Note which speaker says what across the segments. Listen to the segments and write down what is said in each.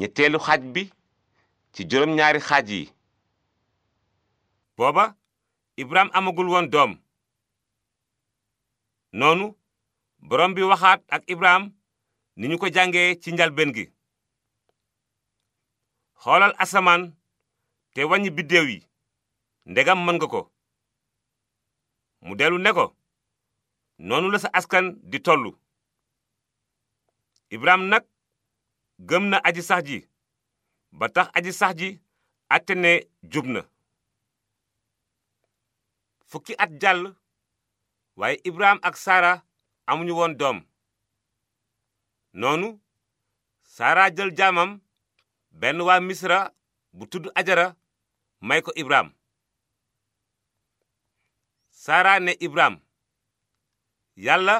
Speaker 1: ñetteelu xaaj bi ci juróom ñaari xaaj yi booba ibraam amagul woon doom noonu borom bi waxaat ak ibraam ni ñu ko jànge ci njalbeen gi xoolal asamaan te wàññi biddéew yi ndegam mën nga ko mu dellu ne ko noonu la sa askan di tollu ibraam nag gëm na aji sax ji ba tax aji sax ji àtte ne jub na fukki at jàll waaye ibraam ak saara amuñu woon doom noonu saara jël jaamam benn waa misra bu tudd ajara may ko ibraam saara ne ibrahim yàlla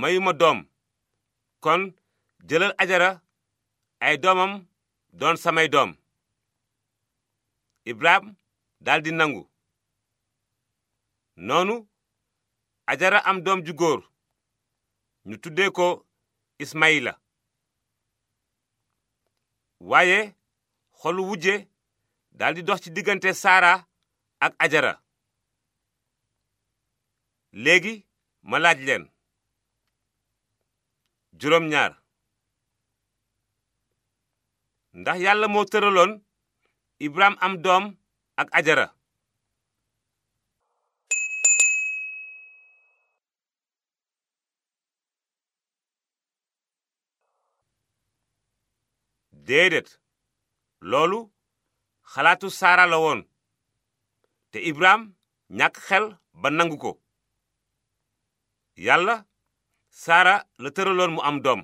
Speaker 1: mayuma doom kon jëlal ajara ay doomam doon samay doom ibrahim daldi nangu noonu ajara am doom ju góor ñu tuddee ko ismayila waaye xolu wujje daldi dox ci diggante saara ak ajara léegi ma laaj leen juróom ñaar ndax yàlla moo tëraloon ibraam am doom ak ajara déedéet loolu xalaatu saara la woon te ibraam ñàkk xel ba nangu ko yàlla saara la tëraloon mu am doom